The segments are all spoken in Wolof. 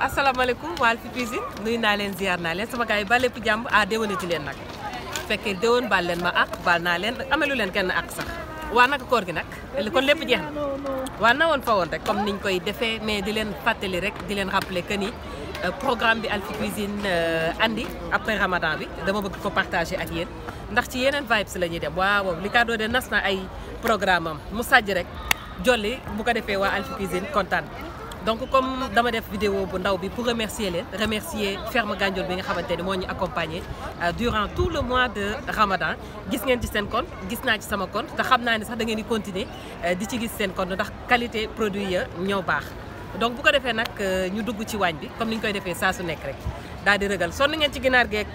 asalaamaaleykum Walf Cuisine nuyu naa leen ziar naa leen sama gars yi ba lépp jàmm a ah, déwénati leen nag fekkee déwén baal leen ma ak baal naa leen amelu leen kenn ak sax waa naka koor gi nag kon lépp jeex na waa na woon fa woon rek comme niñ koy defee mais di leen fàttali rek di leen rappeler que ni euh, programme bi Alphie Cuisine euh, andi après ramadan bi dama bëgg ko partager ak yéen ndax ci yeneen vibes la ñuy dem waaw li kaa doon nas na ay programme am mu sàjj rek jolli bu ko defee waa Alphie Cuisine kontaan donc comme dama def vidéo bu ndaw bi pour remercier leen remercier ferme Gandiol bi nga xamante ni moo ñu accompagner euh, durant tout le mois de Ramadan gis ngeen ci seen compte gis naa ci sama compte te xam naa ni sax da di continuer euh, di ci gis seen compte ndax qualité produit ya ñëw baax donc bu ko defee nag euh, ñu dugg ci waañ bi comme ni ñu koy defee saa su nekk rek daal di rëgal sonn ngeen ci ginaar geek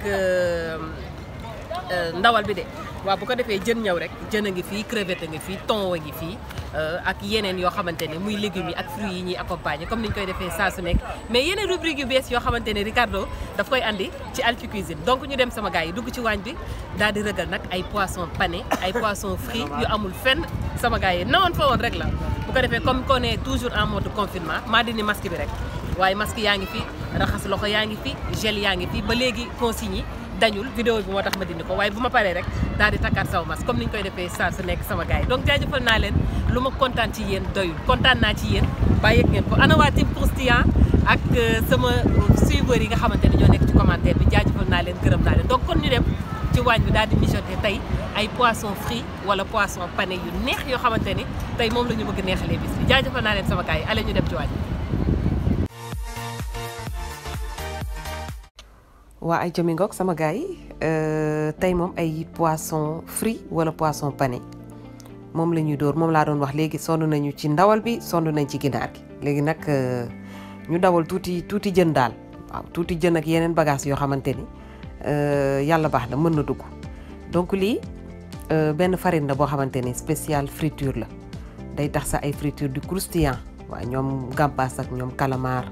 ndawal bi de waaw bu ko defee jën ñëw rek jën a ngi fii crevette a ngi fii thon a ngi fii euh, ak yeneen yoo xamante ne muy légumes yi ak fruits yi ñuy accompagner comme ni ñu koy defee saa su nekk mais yeneen rubrique yu bees yoo xamante ne Ricardo daf koy andi ci Alphie Cuisine donc ñu dem sama gars yi dugg ci waañ bi daal di rëgal nag ay poisson pané ay poisson frit yu amul fen sama gars yi nawoon fa woon rek la bu ko defee comme qu'on est toujours en mode confinement maa dindi masque bi rek waaye masque yaa ngi fi raxas loxo yaa ngi fi gel yaa ngi fi ba léegi consigne dañul vidéo bi moo tax ma dindi ko waaye bu ma paree rek daal di takkaat saw masque comme ni ñu koy defee saa su nekk sama gars yi donc jaajëfal naa leen lu ma kontaan ci yéen doyul kontaan naa ci yéen bàyyeeg ngeen ko ana waa team Christian ak euh, sama suiveurs yi nga xamante ne ñoo ci commentaire bi jaajëfal naa leen gërëm naa leen donc kon ñu dem ci waañ bi daal di tey ay poisson frit wala poisson pané yu neex yoo xamante ni tey moom la ñu bëgg neexalee bis bi jaajëfal naa leen sama gars yi allez ñu dem ci waañ waa ay jëmi sama gars yi euh, tey moom ay poisson frit wala poisson pani moom la ñuy dóor moom laa doon wax léegi sonn nañu ci ndawal bi sonn nañ ci ginaar gi léegi nag euh, ñu dawal tuuti tuuti jën daal tuuti jën ak yeneen bagage yoo xamante ni euh, yàlla baax na mën na dugg donc lii benn farine la boo xamante ni spécial friture la day tax sa ay friture du croustillant waa ñoom gàmpaas ak ñoom calamar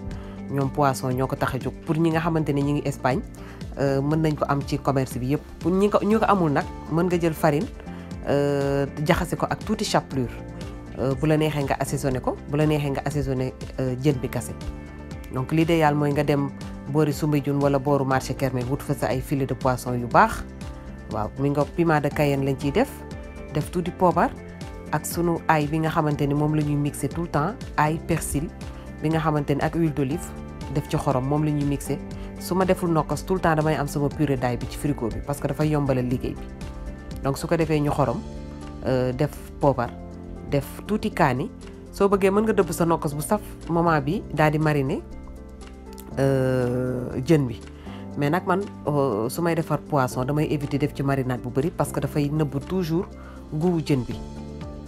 ñoom poisson ñoo ko tax a jóg pour ñi nga xamante ne ñi ngi Espagne euh, mën nañ ko am ci commerce bi yëpp pour ñi ko ñi ko amul nag mën nga jël farine euh, jaxase ko ak tuuti chapelure euh, bu la neexee nga assaisonné ko bu la neexee nga assaisonné jën bi kase donc de yàlla mooy nga dem boori Soumbédioune wala booru marché Kermel wut fa sa ay filet de poisson yu baax waaw mi nga piment de Cayenne lañ ciy def def tuuti poobar ak sunu ay bi nga xamante ni moom la ñuy mixé tout le temps ail persil bi nga xamante ni ak huile d'olive def ci xorom moom la ñuy mixé su ma deful nokkas tout le temps damay am sama purée d'ail bi ci frigo bi parce que dafay yombalal liggéey bi donc su ko defee ñu xorom euh, def poobar def tuuti kaani soo bëggee mën nga dëbb sa nokkas bu saf moment bi daal di mariner euh, jën bi mais nag man euh, su may defar poisson damay éviter def ci marinade bu bëri parce que dafay nëbb toujours goût jën bi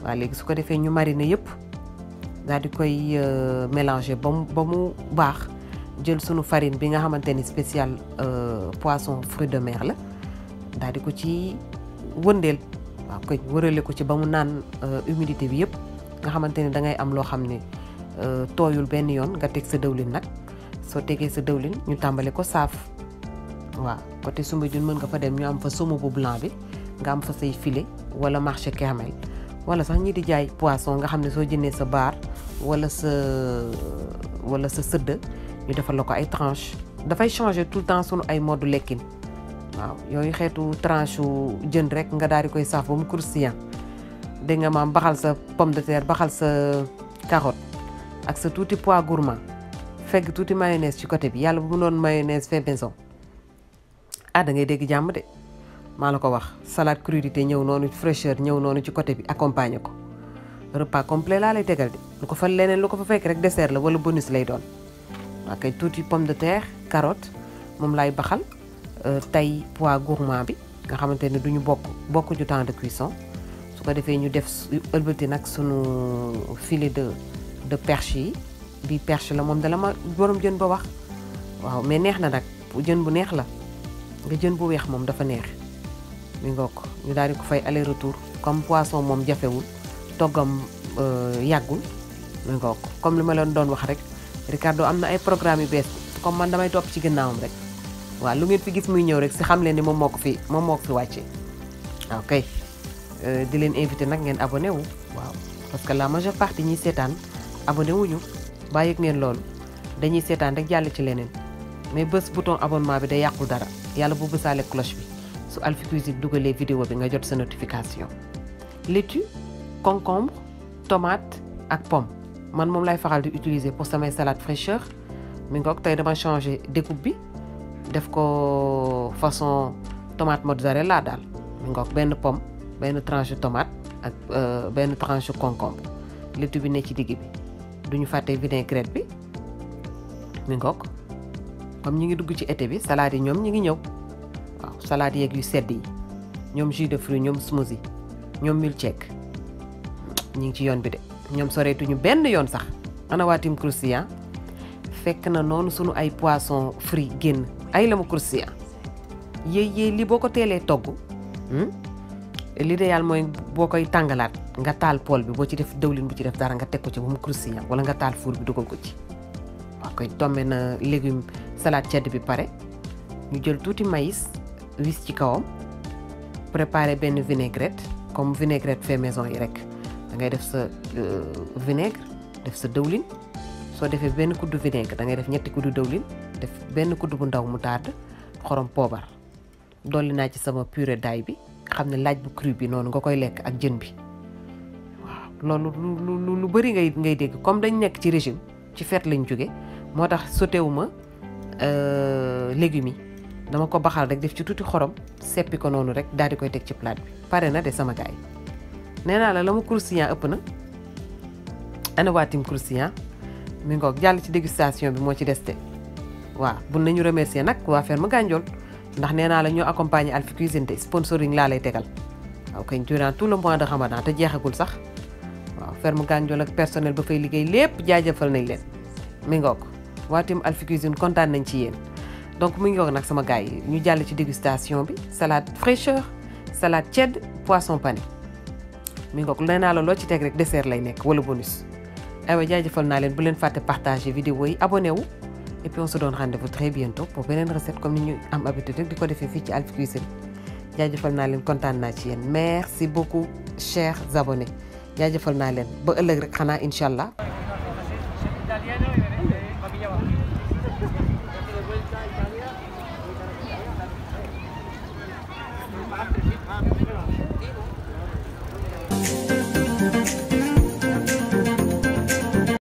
waa léegi su ko defee ñu mariner yëpp daal di koy euh, mélanger ba mu ba mu baax jël sunu farine bi nga xamante ni spécial euh, poisson fruit de mer la daal di ko ci wëndeel waaw wërale ko ci ba mu naan euh, humidité bi yëpp nga xamante ni da ngay am loo xam ne tooyul benn yoon nga teg sa dëwlin nag soo tegee sa dëwlin ñu tàmbali ko saaf waaw côté Soumbédioune mën nga fa dem ñu am fa sumu bu blanc bi nga am fa say filet wala marché Kermel wala sax ñi di jaay poisson nga xam ne soo jëndee sa baar wala sa wala sa sëdd ñu defal la ko ay tranche dafay changer tout le temps sunu ay mode lekkin waaw yooyu xeetu tranche wu jën rek nga daal di koy saaf ba mu croustillant dégg nga maam baxal sa pomme de terre baxal sa carotte ak sa tuuti pois gourmand fegg tuuti mayonnaise ci côté bi yàlla bu mu doon mayonnaise fait maison ah da ngay dégg jàmm de maa la ko wax salade crudité ñëw noonu fraîcheur ñëw noonu ci côté bi accompagner ko repas complet laa lay tegal de lu ko fa leneen ko fa fekk rek dessert la wala bonus lay doon waa kay tuuti pomme de terre carotte moom laay baxal euh, tey pois gourmand bi nga xamante ne du ñu bokk bokk ju temps de cuisson su ko defee ñu def ëlbati nag sunu filet de de perche yi bi perche la moom dala ma borom jën ba wax waaw mais neex na nag jën bu neex la nga jën bu weex moom dafa neex mi ngoog ñu daal di ko fay aller retour comme poisson moom jafewul toggam euh, yàggul ma nga comme li ma leen doon wax rek Ricardo am na ay programme yu bees comme man damay topp ci ginnaawam rek waa lu ngeen fi gis muy ñëw rek si xam leen ni moom moo fi moom mook ko fi wàccee ah, ok euh, di leen invité nag ngeen abonné wu waaw parce que la majeure partie ñiy seetaan abonné wuñu bàyyi ngeen loolu dañuy seetaan rek jàll ci leneen mais bés bouton abonnement bi day yàqul dara yàlla bu bësaale cloche bi su Alphie Cuisine dugalee vidéo bi nga jot sa notification laitue concombre tomate ak pomme man moom lay faxal di utiliser pour samay salade fraîcheur mi ngoog tey dama changer découpe bi def ko façon tomate mozzarella daal mi ngoog benn pomme benn tranche tomate ak euh, benn tranche concombre laitue bi ne ci digg bi duñu fàtte vinaigrette bi mi ngoog comme ñi ngi dugg ci été bi salade yi ñoom ñi ngi ñëw waaw salade yeeg yu sedd yi ñoom jus de fruit ñoom smoothie ñoom milkshake ñi ngi ci yoon bi de ñoom soreetuñu benn yoon sax ana waa tim croustillant fekk na noonu sunu ay poisson frit génn ay la mu croustillant yéey li boo ko teelee togg hmm? l'idéal mooy boo koy tàngalaat nga taal pool bi boo ci def dëwlin bu ci def dara nga teg ko ci ba mu croustillant wala nga taal four bi dugal ko ci a koy tombe na légume salaat cedd bi pare ñu jël tuuti maïs wis ci kawam préparer benn vinaigrette comme vinaigrette fait maison yi rek da ngay def sa euh, vinaigre def sa dëwlin soo defee benn kuddu vinaigre da ngay def ñetti kuddu dëwlin def benn kuddu bu ndaw mu taat xorom poobar dolli naa ci sama pure daay bi xam ne laaj bu cru bi noonu nga koy lekk ak jën bi waaw loolu lu lu bëri ngay ngay dégg comme dañ nekk ci régime ci fête lañu jóge moo tax sotewuma euh, légumes yi dama ko baxal rek def ci tuuti xorom seppi ko noonu rek daal di koy teg ci plat bi pare na de sama gaay nee naa la la mu croustillant ëpp na ana waatim croustillant mi jàll ci dégustation bi moo ci deste waaw bun nañu remercier nag waa ferme Gandiol ndax nee naa la ñoo accompagner Alphie Cuisine te sponsoring laa lay tegal waaw kay durant tout le mois de Ramadan te jeexagul sax waaw ferme Gandiol ak personnel ba fay liggéey lépp jaajëfal nañ leen mi ngoog waatim Alphie Cuisine kontaan nañ ci yéen donc mi ngoog nag sama gars yi ñu jàll ci dégustation bi salade fraîcheur salade cedd poisson pané mi ngoog nee naa la loo ci teg rek dessert lay nekk wala bonus aywa jaajëfal naa leen bu leen fàtte partager vidéo yi abonné wu et puis on se donne rendez-vous très bientôt pour beneen recette comme ñu am habitude rek di ko defee fii ci Alphie Cuisine jaajëfal naa leen kontaan naa ci yéen merci beaucoup chers abonnés jaajëfal naa leen ba ëllëg rek xanaa incha allah Thank you.